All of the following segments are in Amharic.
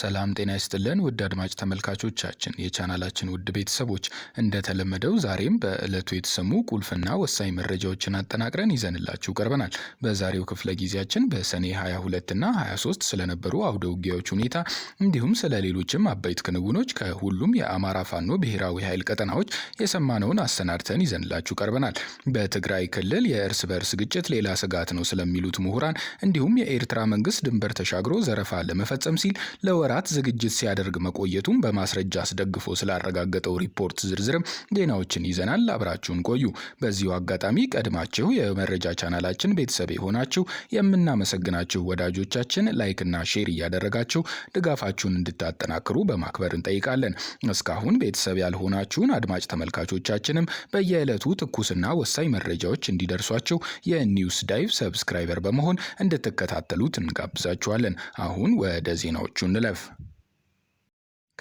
ሰላም ጤና ይስጥልን ውድ አድማጭ ተመልካቾቻችን የቻናላችን ውድ ቤተሰቦች፣ እንደተለመደው ዛሬም በዕለቱ የተሰሙ ቁልፍና ወሳኝ መረጃዎችን አጠናቅረን ይዘንላችሁ ቀርበናል። በዛሬው ክፍለ ጊዜያችን በሰኔ 22ና 23 ስለነበሩ አውደ ውጊያዎች ሁኔታ እንዲሁም ስለ ሌሎችም አበይት ክንውኖች ከሁሉም የአማራ ፋኖ ብሔራዊ ኃይል ቀጠናዎች የሰማነውን አሰናድተን ይዘንላችሁ ቀርበናል። በትግራይ ክልል የእርስ በእርስ ግጭት ሌላ ስጋት ነው ስለሚሉት ምሁራን እንዲሁም የኤርትራ መንግስት ድንበር ተሻግሮ ዘረፋ ለመፈጸም ሲል ለወራት ዝግጅት ሲያደርግ መቆየቱን በማስረጃ አስደግፎ ስላረጋገጠው ሪፖርት ዝርዝር ዜናዎችን ይዘናል። አብራችሁን ቆዩ። በዚሁ አጋጣሚ ቀድማችሁ የመረጃ ቻናላችን ቤተሰብ የሆናችሁ የምናመሰግናችሁ ወዳጆቻችን ላይክና ሼር እያደረጋችሁ ድጋፋችሁን እንድታጠናክሩ በማክበር እንጠይቃለን። እስካሁን ቤተሰብ ያልሆናችሁን አድማጭ ተመልካቾቻችንም በየዕለቱ ትኩስና ወሳኝ መረጃዎች እንዲደርሷቸው የኒውስ ዳይቭ ሰብስክራይበር በመሆን እንድትከታተሉት እንጋብዛችኋለን። አሁን ወደ ዜናዎቹ እንለፍ። five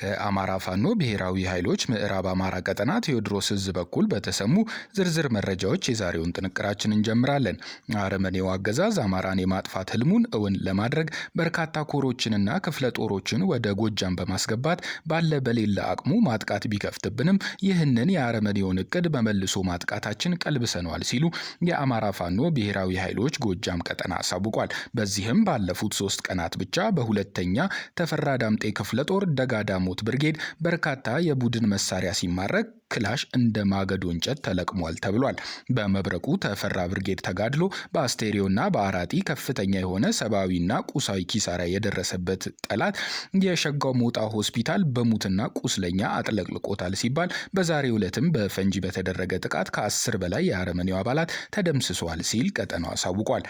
ከአማራ ፋኖ ብሔራዊ ኃይሎች ምዕራብ አማራ ቀጠና ቴዎድሮስ እዝ በኩል በተሰሙ ዝርዝር መረጃዎች የዛሬውን ጥንቅራችን እንጀምራለን። አረመኔው አገዛዝ አማራን የማጥፋት ህልሙን እውን ለማድረግ በርካታ ኮሮችንና ክፍለ ጦሮችን ወደ ጎጃም በማስገባት ባለ በሌለ አቅሙ ማጥቃት ቢከፍትብንም ይህንን የአረመኔውን እቅድ በመልሶ ማጥቃታችን ቀልብሰነዋል ሲሉ የአማራ ፋኖ ብሔራዊ ኃይሎች ጎጃም ቀጠና አሳውቋል። በዚህም ባለፉት ሶስት ቀናት ብቻ በሁለተኛ ተፈራ ዳምጤ ክፍለ ጦር ደጋዳ የዳሞት ብርጌድ በርካታ የቡድን መሳሪያ ሲማረክ ክላሽ እንደ ማገዶ እንጨት ተለቅሟል ተብሏል። በመብረቁ ተፈራ ብርጌድ ተጋድሎ በአስቴሪዮና በአራጢ ከፍተኛ የሆነ ሰብአዊና ቁሳዊ ኪሳራ የደረሰበት ጠላት የሸጋው ሞጣ ሆስፒታል በሙትና ቁስለኛ አጥለቅልቆታል ሲባል በዛሬው ዕለትም በፈንጂ በተደረገ ጥቃት ከአስር በላይ የአረመኔው አባላት ተደምስሷል ሲል ቀጠናው አሳውቋል።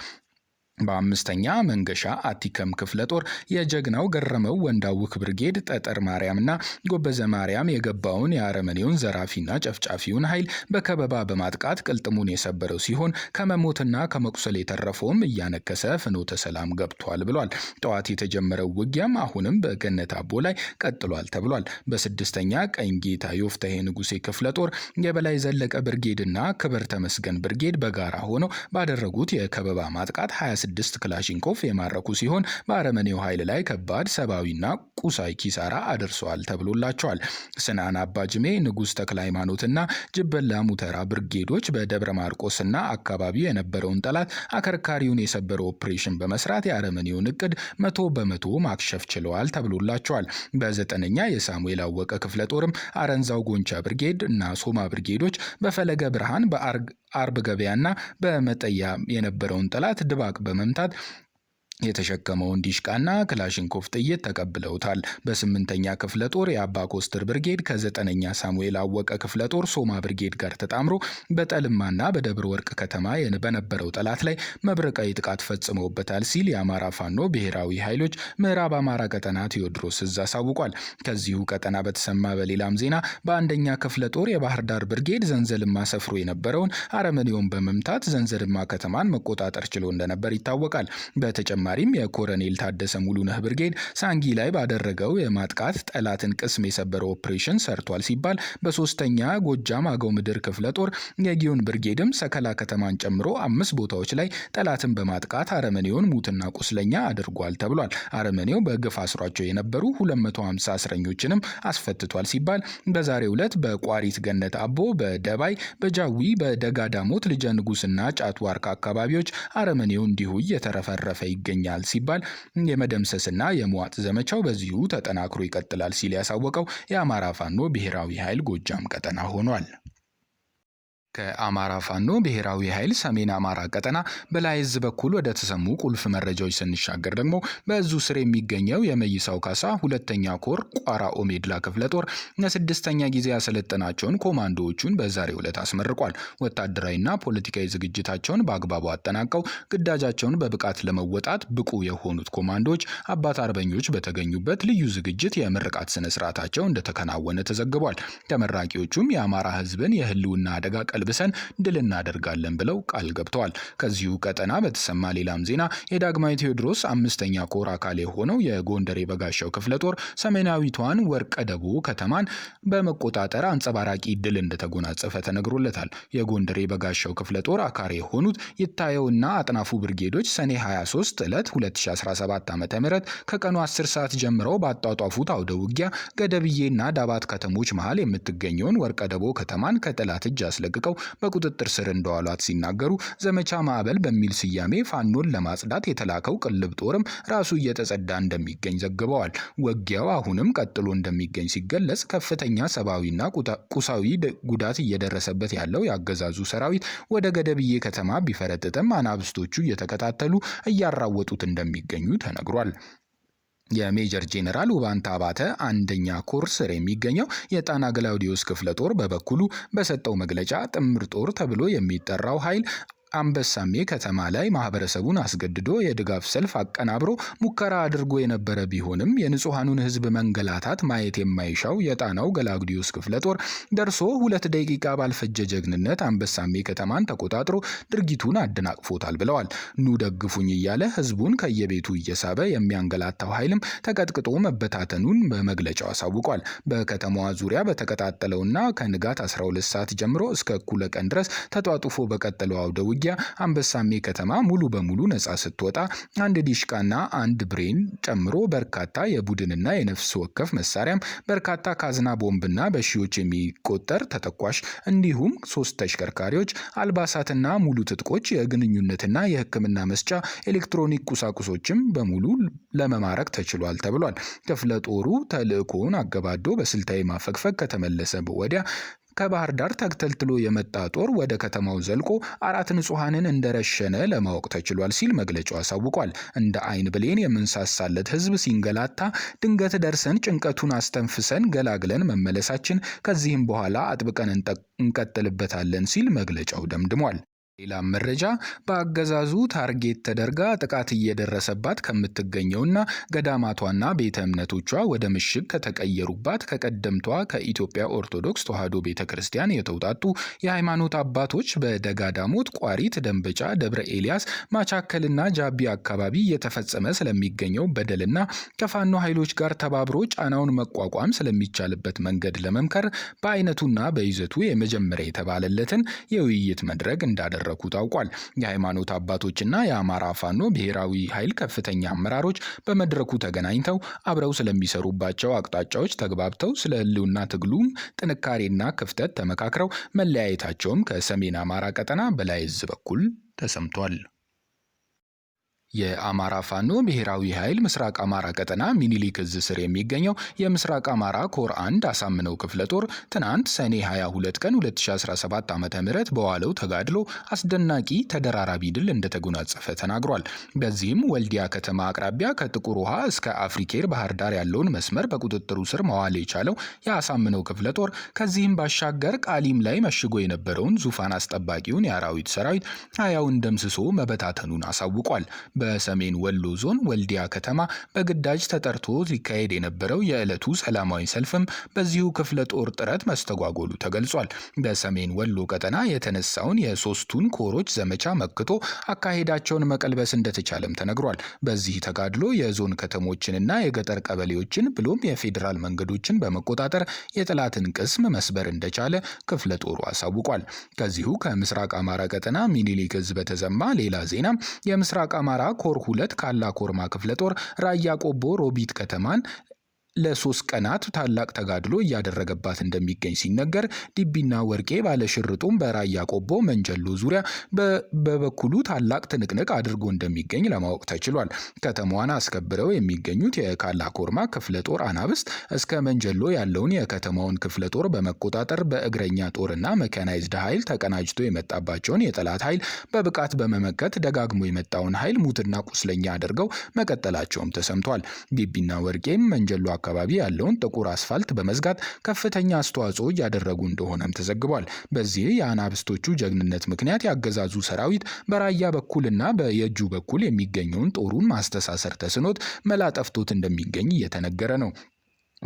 በአምስተኛ መንገሻ አቲከም ክፍለ ጦር የጀግናው ገረመው ወንዳውክ ብርጌድ ጠጠር ማርያምና ጎበዘ ማርያም የገባውን የአረመኔውን ዘራፊና ጨፍጫፊውን ኃይል በከበባ በማጥቃት ቅልጥሙን የሰበረው ሲሆን ከመሞትና ከመቁሰል የተረፈውም እያነከሰ ፍኖተ ሰላም ገብቷል ብሏል። ጠዋት የተጀመረው ውጊያም አሁንም በገነት አቦ ላይ ቀጥሏል ተብሏል። በስድስተኛ ቀኝ ጌታ ዮፍታሄ ንጉሴ ክፍለ ጦር የበላይ ዘለቀ ብርጌድና ክብር ተመስገን ብርጌድ በጋራ ሆነው ባደረጉት የከበባ ማጥቃት ስድስት ክላሽንኮቭ የማረኩ ሲሆን በአረመኔው ኃይል ላይ ከባድ ሰብአዊና ቁሳይ ኪሳራ አድርሰዋል ተብሎላቸዋል። ስናን አባጅሜ፣ ንጉሥ ተክለ ሃይማኖትና ጅበላ ሙተራ ብርጌዶች በደብረ ማርቆስና አካባቢው የነበረውን ጠላት አከርካሪውን የሰበረ ኦፕሬሽን በመስራት የአረመኔውን እቅድ መቶ በመቶ ማክሸፍ ችለዋል ተብሎላቸዋል። በዘጠነኛ የሳሙኤል አወቀ ክፍለ ጦርም አረንዛው ጎንቻ ብርጌድ እና ሶማ ብርጌዶች በፈለገ ብርሃን አርብ ገበያና በመጠያ የነበረውን ጠላት ድባቅ በመምታት የተሸከመውን ዲሽቃና ክላሽንኮፍ ጥይት ተቀብለውታል። በስምንተኛ ክፍለ ጦር የአባ ኮስትር ብርጌድ ከዘጠነኛ ሳሙኤል አወቀ ክፍለ ጦር ሶማ ብርጌድ ጋር ተጣምሮ በጠልማና በደብረ ወርቅ ከተማ በነበረው ጠላት ላይ መብረቃዊ ጥቃት ፈጽመውበታል ሲል የአማራ ፋኖ ብሔራዊ ኃይሎች ምዕራብ አማራ ቀጠና ቴዎድሮስ እዝ አሳውቋል። ከዚሁ ቀጠና በተሰማ በሌላም ዜና በአንደኛ ክፍለ ጦር የባህር ዳር ብርጌድ ዘንዘልማ ሰፍሮ የነበረውን አረመኔውን በመምታት ዘንዘልማ ከተማን መቆጣጠር ችሎ እንደነበር ይታወቃል። በተጨማሪ በተጨማሪም የኮረኔል ታደሰ ሙሉነህ ብርጌድ ሳንጊ ላይ ባደረገው የማጥቃት ጠላትን ቅስም የሰበረ ኦፕሬሽን ሰርቷል ሲባል በሶስተኛ ጎጃም አገው ምድር ክፍለ ጦር የጊዮን ብርጌድም ሰከላ ከተማን ጨምሮ አምስት ቦታዎች ላይ ጠላትን በማጥቃት አረመኔውን ሙትና ቁስለኛ አድርጓል ተብሏል። አረመኔው በግፍ አስሯቸው የነበሩ 250 እስረኞችንም አስፈትቷል ሲባል በዛሬው ዕለት በቋሪት ገነት አቦ፣ በደባይ፣ በጃዊ፣ በደጋዳሞት ልጀ ንጉስና ጫቱ ዋርካ አካባቢዎች አረመኔው እንዲሁ እየተረፈረፈ ይገኛል። ይገኛል ሲባል የመደምሰስና የመዋጥ ዘመቻው በዚሁ ተጠናክሮ ይቀጥላል ሲል ያሳወቀው የአማራ ፋኖ ብሔራዊ ኃይል ጎጃም ቀጠና ሆኗል። ከአማራ ፋኖ ብሔራዊ ኃይል ሰሜን አማራ ቀጠና በላይ በኩል ወደ ተሰሙ ቁልፍ መረጃዎች ስንሻገር ደግሞ በዕዙ ስር የሚገኘው የመይሳው ካሳ ሁለተኛ ኮር ቋራ ኦሜድላ ክፍለ ጦር ለስድስተኛ ጊዜ ያሰለጠናቸውን ኮማንዶዎቹን በዛሬው ዕለት አስመርቋል። ወታደራዊና ፖለቲካዊ ዝግጅታቸውን በአግባቡ አጠናቀው ግዳጃቸውን በብቃት ለመወጣት ብቁ የሆኑት ኮማንዶዎች አባት አርበኞች በተገኙበት ልዩ ዝግጅት የምርቃት ስነስርዓታቸው እንደተከናወነ ተዘግቧል። ተመራቂዎቹም የአማራ ህዝብን የህልውና አደጋ አልብሰን ድል እናደርጋለን ብለው ቃል ገብተዋል። ከዚሁ ቀጠና በተሰማ ሌላም ዜና የዳግማዊ ቴዎድሮስ አምስተኛ ኮር አካል የሆነው የጎንደር የበጋሻው ክፍለ ጦር ሰሜናዊቷን ወርቀ ደቡ ከተማን በመቆጣጠር አንጸባራቂ ድል እንደተጎናጸፈ ተነግሮለታል። የጎንደር የበጋሻው ክፍለ ጦር አካል የሆኑት ይታየውና አጥናፉ ብርጌዶች ሰኔ 23 ዕለት 2017 ዓ ም ከቀኑ 10 ሰዓት ጀምረው በአጧጧፉት አውደ ውጊያ ገደብዬና ዳባት ከተሞች መሃል የምትገኘውን ወርቀ ደቦ ከተማን ከጠላት እጅ አስለቅቀው ተይዘው በቁጥጥር ስር እንደዋሏት ሲናገሩ ዘመቻ ማዕበል በሚል ስያሜ ፋኖን ለማጽዳት የተላከው ቅልብ ጦርም ራሱ እየተጸዳ እንደሚገኝ ዘግበዋል። ውጊያው አሁንም ቀጥሎ እንደሚገኝ ሲገለጽ ከፍተኛ ሰብአዊና ቁሳዊ ጉዳት እየደረሰበት ያለው የአገዛዙ ሰራዊት ወደ ገደብዬ ከተማ ቢፈረጥጥም አናብስቶቹ እየተከታተሉ እያራወጡት እንደሚገኙ ተነግሯል። የሜጀር ጄኔራል ውባንታ አባተ አንደኛ ኮር ስር የሚገኘው የጣና ግላውዲዮስ ክፍለ ጦር በበኩሉ በሰጠው መግለጫ ጥምር ጦር ተብሎ የሚጠራው ኃይል አንበሳሜ ከተማ ላይ ማህበረሰቡን አስገድዶ የድጋፍ ሰልፍ አቀናብሮ ሙከራ አድርጎ የነበረ ቢሆንም የንጹሐኑን ህዝብ መንገላታት ማየት የማይሻው የጣናው ገላግዲዮስ ክፍለ ጦር ደርሶ ሁለት ደቂቃ ባልፈጀ ጀግንነት አንበሳሜ ከተማን ተቆጣጥሮ ድርጊቱን አደናቅፎታል ብለዋል። ኑ ደግፉኝ እያለ ሕዝቡን ከየቤቱ እየሳበ የሚያንገላታው ኃይልም ተቀጥቅጦ መበታተኑን በመግለጫው አሳውቋል። በከተማዋ ዙሪያ በተቀጣጠለውና ከንጋት 12 ሰዓት ጀምሮ እስከ እኩለ ቀን ድረስ ተጧጡፎ በቀጠለው አውደውጊ ውጊያ አንበሳሜ ከተማ ሙሉ በሙሉ ነፃ ስትወጣ አንድ ዲሽቃና አንድ ብሬን ጨምሮ በርካታ የቡድንና የነፍስ ወከፍ መሳሪያም በርካታ ካዝና ቦምብና በሺዎች የሚቆጠር ተተኳሽ እንዲሁም ሶስት ተሽከርካሪዎች፣ አልባሳትና ሙሉ ትጥቆች፣ የግንኙነትና የሕክምና መስጫ ኤሌክትሮኒክ ቁሳቁሶችም በሙሉ ለመማረክ ተችሏል ተብሏል። ክፍለ ጦሩ ተልዕኮውን አገባዶ በስልታዊ ማፈግፈግ ከተመለሰ ወዲያ ከባህር ዳር ተግተልትሎ የመጣ ጦር ወደ ከተማው ዘልቆ አራት ንጹሐንን እንደረሸነ ለማወቅ ተችሏል ሲል መግለጫው አሳውቋል። እንደ አይን ብሌን የምንሳሳለት ህዝብ ሲንገላታ ድንገት ደርሰን ጭንቀቱን አስተንፍሰን ገላግለን መመለሳችን ከዚህም በኋላ አጥብቀን እንቀጥልበታለን ሲል መግለጫው ደምድሟል። ሌላም መረጃ በአገዛዙ ታርጌት ተደርጋ ጥቃት እየደረሰባት ከምትገኘውና ገዳማቷና ቤተ እምነቶቿ ወደ ምሽግ ከተቀየሩባት ከቀደምቷ ከኢትዮጵያ ኦርቶዶክስ ተዋሕዶ ቤተ ክርስቲያን የተውጣጡ የሃይማኖት አባቶች በደጋዳሞት ቋሪት፣ ደንበጫ፣ ደብረ ኤልያስ፣ ማቻከልና ጃቢ አካባቢ እየተፈጸመ ስለሚገኘው በደልና ከፋኖ ኃይሎች ጋር ተባብሮ ጫናውን መቋቋም ስለሚቻልበት መንገድ ለመምከር በአይነቱና በይዘቱ የመጀመሪያ የተባለለትን የውይይት መድረክ እንዳደረ እንደሚማረኩ ታውቋል። የሃይማኖት አባቶችና የአማራ ፋኖ ብሔራዊ ኃይል ከፍተኛ አመራሮች በመድረኩ ተገናኝተው አብረው ስለሚሰሩባቸው አቅጣጫዎች ተግባብተው ስለ ህልውና ትግሉም ጥንካሬና ክፍተት ተመካክረው መለያየታቸውም ከሰሜን አማራ ቀጠና በላይ ዕዝ በኩል ተሰምቷል። የአማራ ፋኖ ብሔራዊ ኃይል ምስራቅ አማራ ቀጠና ሚኒሊክ እዝ ስር የሚገኘው የምስራቅ አማራ ኮር አንድ አሳምነው ክፍለ ጦር ትናንት ሰኔ 22 ቀን 2017 ዓ ም በዋለው ተጋድሎ አስደናቂ ተደራራቢ ድል እንደተጎናጸፈ ተናግሯል። በዚህም ወልዲያ ከተማ አቅራቢያ ከጥቁር ውሃ እስከ አፍሪኬር ባህር ዳር ያለውን መስመር በቁጥጥሩ ስር መዋል የቻለው የአሳምነው ክፍለ ጦር ከዚህም ባሻገር ቃሊም ላይ መሽጎ የነበረውን ዙፋን አስጠባቂውን የአራዊት ሰራዊት ሀያውን ደምስሶ መበታተኑን አሳውቋል። በሰሜን ወሎ ዞን ወልዲያ ከተማ በግዳጅ ተጠርቶ ሊካሄድ የነበረው የዕለቱ ሰላማዊ ሰልፍም በዚሁ ክፍለ ጦር ጥረት መስተጓጎሉ ተገልጿል። በሰሜን ወሎ ቀጠና የተነሳውን የሶስቱን ኮሮች ዘመቻ መክቶ አካሄዳቸውን መቀልበስ እንደተቻለም ተነግሯል። በዚህ ተጋድሎ የዞን ከተሞችንና የገጠር ቀበሌዎችን ብሎም የፌዴራል መንገዶችን በመቆጣጠር የጠላትን ቅስም መስበር እንደቻለ ክፍለ ጦሩ አሳውቋል። ከዚሁ ከምስራቅ አማራ ቀጠና ሚኒሊክ ዕዝ በተሰማ ሌላ ዜና የምስራቅ አማራ ኮር ሁለት ካላ ኮርማ ክፍለ ጦር ራያ ቆቦ ሮቢት ከተማን ለሶስት ቀናት ታላቅ ተጋድሎ እያደረገባት እንደሚገኝ ሲነገር፣ ዲቢና ወርቄ ባለሽርጡም በራያ ቆቦ መንጀሎ ዙሪያ በበኩሉ ታላቅ ትንቅንቅ አድርጎ እንደሚገኝ ለማወቅ ተችሏል። ከተማዋን አስከብረው የሚገኙት የካላ ኮርማ ክፍለ ጦር አናብስት እስከ መንጀሎ ያለውን የከተማውን ክፍለ ጦር በመቆጣጠር በእግረኛ ጦርና መካናይዝድ ኃይል ተቀናጅቶ የመጣባቸውን የጠላት ኃይል በብቃት በመመከት ደጋግሞ የመጣውን ኃይል ሙትና ቁስለኛ አድርገው መቀጠላቸውም ተሰምቷል። ዲቢና ወርቄም መንጀሎ አካባቢ ያለውን ጥቁር አስፋልት በመዝጋት ከፍተኛ አስተዋጽኦ እያደረጉ እንደሆነም ተዘግቧል። በዚህ የአናብስቶቹ ጀግንነት ምክንያት ያገዛዙ ሰራዊት በራያ በኩልና በየጁ በኩል የሚገኘውን ጦሩን ማስተሳሰር ተስኖት መላ ጠፍቶት እንደሚገኝ እየተነገረ ነው።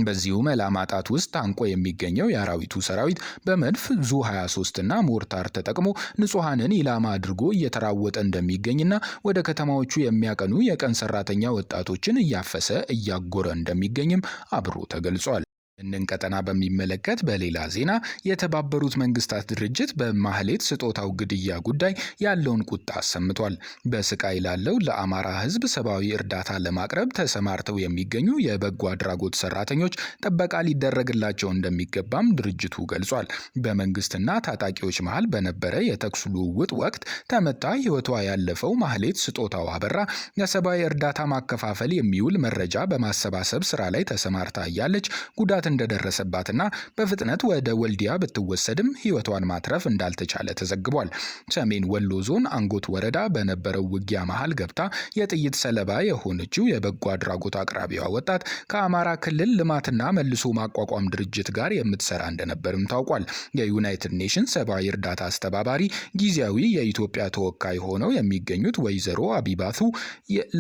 በዚሁ መላ ማጣት ውስጥ ታንቆ የሚገኘው የአራዊቱ ሰራዊት በመድፍ ዙ 23 እና ሞርታር ተጠቅሞ ንጹሐንን ኢላማ አድርጎ እየተራወጠ እንደሚገኝና ወደ ከተማዎቹ የሚያቀኑ የቀን ሰራተኛ ወጣቶችን እያፈሰ እያጎረ እንደሚገኝም አብሮ ተገልጿል። እንን ቀጠና በሚመለከት በሌላ ዜና የተባበሩት መንግስታት ድርጅት በማህሌት ስጦታው ግድያ ጉዳይ ያለውን ቁጣ አሰምቷል። በስቃይ ላለው ለአማራ ህዝብ ሰብአዊ እርዳታ ለማቅረብ ተሰማርተው የሚገኙ የበጎ አድራጎት ሰራተኞች ጥበቃ ሊደረግላቸው እንደሚገባም ድርጅቱ ገልጿል። በመንግስትና ታጣቂዎች መሃል በነበረ የተኩስ ልውውጥ ወቅት ተመታ ህይወቷ ያለፈው ማህሌት ስጦታው አበራ የሰብአዊ እርዳታ ማከፋፈል የሚውል መረጃ በማሰባሰብ ስራ ላይ ተሰማርታ እያለች ጉዳት እንደደረሰባትና በፍጥነት ወደ ወልዲያ ብትወሰድም ህይወቷን ማትረፍ እንዳልተቻለ ተዘግቧል። ሰሜን ወሎ ዞን አንጎት ወረዳ በነበረው ውጊያ መሃል ገብታ የጥይት ሰለባ የሆነችው የበጎ አድራጎት አቅራቢዋ ወጣት ከአማራ ክልል ልማትና መልሶ ማቋቋም ድርጅት ጋር የምትሰራ እንደነበርም ታውቋል። የዩናይትድ ኔሽንስ ሰብአዊ እርዳታ አስተባባሪ ጊዜያዊ የኢትዮጵያ ተወካይ ሆነው የሚገኙት ወይዘሮ አቢባቱ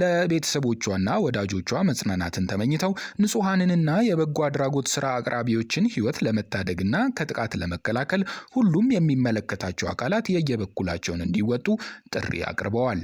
ለቤተሰቦቿና ወዳጆቿ መጽናናትን ተመኝተው ንጹሐንንና የበጎ አድራጎት ስራ አቅራቢዎችን ህይወት ለመታደግና ከጥቃት ለመከላከል ሁሉም የሚመለከታቸው አካላት የየበኩላቸውን እንዲወጡ ጥሪ አቅርበዋል።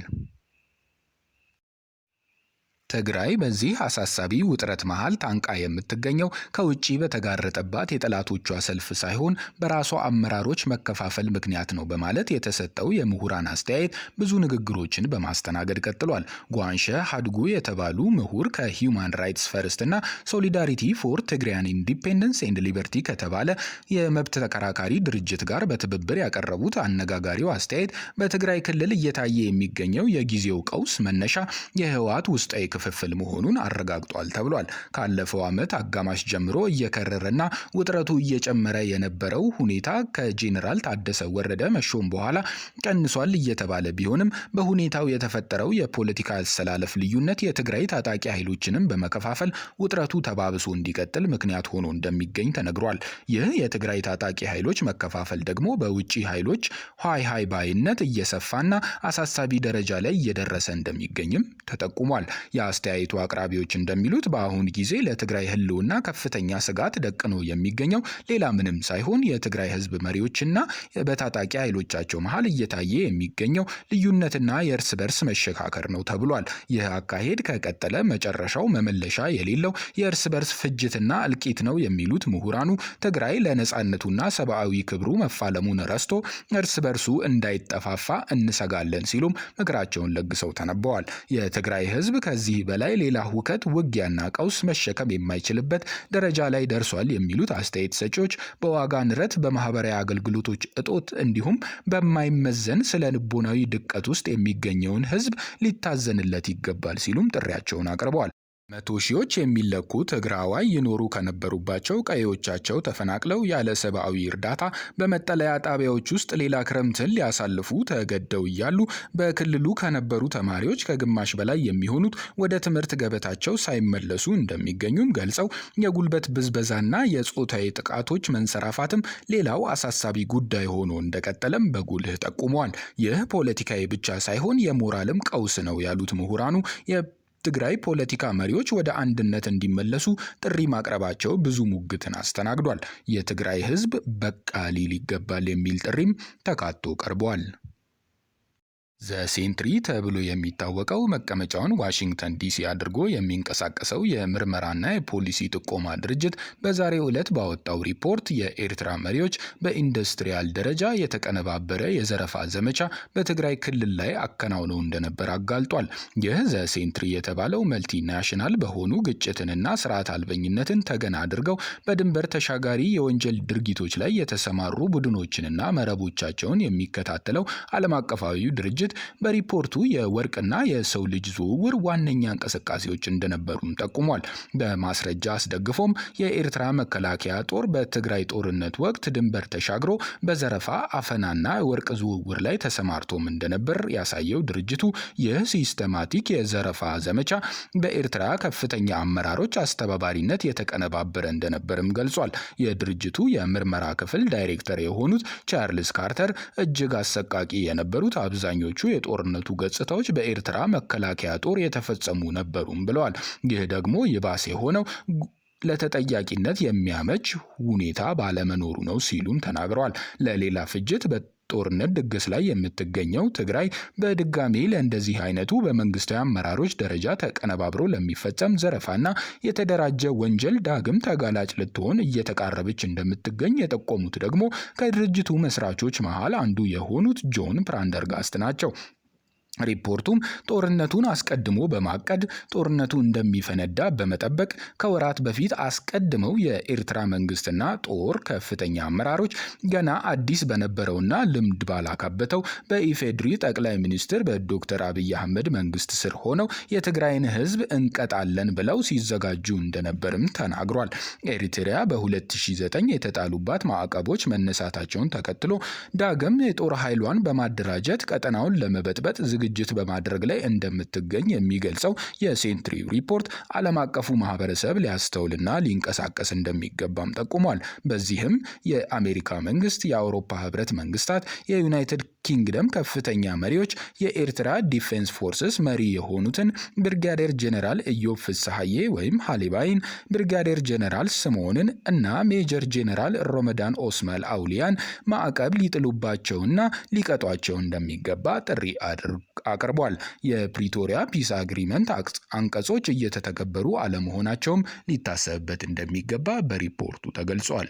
ትግራይ በዚህ አሳሳቢ ውጥረት መሃል ታንቃ የምትገኘው ከውጭ በተጋረጠባት የጠላቶቿ ሰልፍ ሳይሆን በራሷ አመራሮች መከፋፈል ምክንያት ነው በማለት የተሰጠው የምሁራን አስተያየት ብዙ ንግግሮችን በማስተናገድ ቀጥሏል። ጓንሸ ሀድጉ የተባሉ ምሁር ከሂውማን ራይትስ ፈርስት እና ሶሊዳሪቲ ፎር ትግራያን ኢንዲፔንደንስ ኤንድ ሊበርቲ ከተባለ የመብት ተከራካሪ ድርጅት ጋር በትብብር ያቀረቡት አነጋጋሪው አስተያየት በትግራይ ክልል እየታየ የሚገኘው የጊዜው ቀውስ መነሻ የህወሓት ውስጣዊ ክፍፍል መሆኑን አረጋግጧል ተብሏል። ካለፈው ዓመት አጋማሽ ጀምሮ እየከረረና ውጥረቱ እየጨመረ የነበረው ሁኔታ ከጄኔራል ታደሰ ወረደ መሾም በኋላ ቀንሷል እየተባለ ቢሆንም በሁኔታው የተፈጠረው የፖለቲካ አሰላለፍ ልዩነት የትግራይ ታጣቂ ኃይሎችንም በመከፋፈል ውጥረቱ ተባብሶ እንዲቀጥል ምክንያት ሆኖ እንደሚገኝ ተነግሯል። ይህ የትግራይ ታጣቂ ኃይሎች መከፋፈል ደግሞ በውጭ ኃይሎች ሀይ ሀይ ባይነት እየሰፋና አሳሳቢ ደረጃ ላይ እየደረሰ እንደሚገኝም ተጠቁሟል። የአስተያየቱ አቅራቢዎች እንደሚሉት በአሁን ጊዜ ለትግራይ ህልውና ከፍተኛ ስጋት ደቅኖ የሚገኘው ሌላ ምንም ሳይሆን የትግራይ ህዝብ መሪዎችና በታጣቂ ኃይሎቻቸው መሀል እየታየ የሚገኘው ልዩነትና የእርስ በርስ መሸካከር ነው ተብሏል። ይህ አካሄድ ከቀጠለ መጨረሻው መመለሻ የሌለው የእርስ በርስ ፍጅትና እልቂት ነው የሚሉት ምሁራኑ ትግራይ ለነጻነቱና ሰብአዊ ክብሩ መፋለሙን ረስቶ እርስ በርሱ እንዳይጠፋፋ እንሰጋለን ሲሉም ምክራቸውን ለግሰው ተነበዋል። የትግራይ ህዝብ ከዚህ ከዚህ በላይ ሌላ ሁከት፣ ውጊያና ቀውስ መሸከም የማይችልበት ደረጃ ላይ ደርሷል የሚሉት አስተያየት ሰጪዎች በዋጋ ንረት፣ በማህበራዊ አገልግሎቶች እጦት እንዲሁም በማይመዘን ስነ ልቦናዊ ድቀት ውስጥ የሚገኘውን ህዝብ ሊታዘንለት ይገባል ሲሉም ጥሪያቸውን አቅርበዋል። መቶ ሺዎች የሚለኩት ትግራዋይ ይኖሩ ከነበሩባቸው ቀዬዎቻቸው ተፈናቅለው ያለ ሰብአዊ እርዳታ በመጠለያ ጣቢያዎች ውስጥ ሌላ ክረምትን ሊያሳልፉ ተገደው እያሉ በክልሉ ከነበሩ ተማሪዎች ከግማሽ በላይ የሚሆኑት ወደ ትምህርት ገበታቸው ሳይመለሱ እንደሚገኙም ገልጸው የጉልበት ብዝበዛና የጾታዊ ጥቃቶች መንሰራፋትም ሌላው አሳሳቢ ጉዳይ ሆኖ እንደቀጠለም በጉልህ ጠቁመዋል። ይህ ፖለቲካዊ ብቻ ሳይሆን የሞራልም ቀውስ ነው ያሉት ምሁራኑ ትግራይ ፖለቲካ መሪዎች ወደ አንድነት እንዲመለሱ ጥሪ ማቅረባቸው ብዙ ሙግትን አስተናግዷል። የትግራይ ህዝብ በቃ ሊል ይገባል የሚል ጥሪም ተካቶ ቀርቧል። ዘሴንትሪ ተብሎ የሚታወቀው መቀመጫውን ዋሽንግተን ዲሲ አድርጎ የሚንቀሳቀሰው የምርመራና የፖሊሲ ጥቆማ ድርጅት በዛሬው ዕለት ባወጣው ሪፖርት የኤርትራ መሪዎች በኢንዱስትሪያል ደረጃ የተቀነባበረ የዘረፋ ዘመቻ በትግራይ ክልል ላይ አከናውነው እንደነበር አጋልጧል። ይህ ዘሴንትሪ የተባለው መልቲናሽናል በሆኑ ግጭትንና ስርዓት አልበኝነትን ተገን አድርገው በድንበር ተሻጋሪ የወንጀል ድርጊቶች ላይ የተሰማሩ ቡድኖችንና መረቦቻቸውን የሚከታተለው ዓለም አቀፋዊ ድርጅት በማለት በሪፖርቱ የወርቅና የሰው ልጅ ዝውውር ዋነኛ እንቅስቃሴዎች እንደነበሩም ጠቁሟል። በማስረጃ አስደግፎም የኤርትራ መከላከያ ጦር በትግራይ ጦርነት ወቅት ድንበር ተሻግሮ በዘረፋ አፈናና ወርቅ ዝውውር ላይ ተሰማርቶም እንደነበር ያሳየው ድርጅቱ ይህ ሲስተማቲክ የዘረፋ ዘመቻ በኤርትራ ከፍተኛ አመራሮች አስተባባሪነት የተቀነባበረ እንደነበርም ገልጿል። የድርጅቱ የምርመራ ክፍል ዳይሬክተር የሆኑት ቻርልስ ካርተር እጅግ አሰቃቂ የነበሩት አብዛኞቹ የጦርነቱ ገጽታዎች በኤርትራ መከላከያ ጦር የተፈጸሙ ነበሩም ብለዋል። ይህ ደግሞ ይባስ የሆነው ለተጠያቂነት የሚያመች ሁኔታ ባለመኖሩ ነው ሲሉም ተናግረዋል። ለሌላ ፍጅት ጦርነት ድግስ ላይ የምትገኘው ትግራይ በድጋሚ ለእንደዚህ አይነቱ በመንግስታዊ አመራሮች ደረጃ ተቀነባብሮ ለሚፈጸም ዘረፋና የተደራጀ ወንጀል ዳግም ተጋላጭ ልትሆን እየተቃረበች እንደምትገኝ የጠቆሙት ደግሞ ከድርጅቱ መስራቾች መሃል አንዱ የሆኑት ጆን ፕራንደርጋስት ናቸው። ሪፖርቱም ጦርነቱን አስቀድሞ በማቀድ ጦርነቱ እንደሚፈነዳ በመጠበቅ ከወራት በፊት አስቀድመው የኤርትራ መንግስትና ጦር ከፍተኛ አመራሮች ገና አዲስ በነበረውና ልምድ ባላካበተው በኢፌድሪ ጠቅላይ ሚኒስትር በዶክተር አብይ አህመድ መንግስት ስር ሆነው የትግራይን ህዝብ እንቀጣለን ብለው ሲዘጋጁ እንደነበርም ተናግሯል። ኤሪትሪያ በ2009 የተጣሉባት ማዕቀቦች መነሳታቸውን ተከትሎ ዳግም የጦር ኃይሏን በማደራጀት ቀጠናውን ለመበጥበጥ ዝግ ዝግጅት በማድረግ ላይ እንደምትገኝ የሚገልጸው የሴንትሪ ሪፖርት ዓለም አቀፉ ማህበረሰብ ሊያስተውልና ሊንቀሳቀስ እንደሚገባም ጠቁሟል። በዚህም የአሜሪካ መንግስት፣ የአውሮፓ ህብረት መንግስታት፣ የዩናይትድ ኪንግደም ከፍተኛ መሪዎች የኤርትራ ዲፌንስ ፎርስስ መሪ የሆኑትን ብርጋዴር ጀነራል ኢዮብ ፍስሐዬ ወይም ሃሊባይን፣ ብርጋዴር ጀነራል ስምዖንን እና ሜጀር ጀነራል ሮመዳን ኦስማል አውሊያን ማዕቀብ ሊጥሉባቸውና ሊቀጧቸው እንደሚገባ ጥሪ አቅርቧል። የፕሪቶሪያ ፒስ አግሪመንት አንቀጾች እየተተገበሩ አለመሆናቸውም ሊታሰብበት እንደሚገባ በሪፖርቱ ተገልጿል።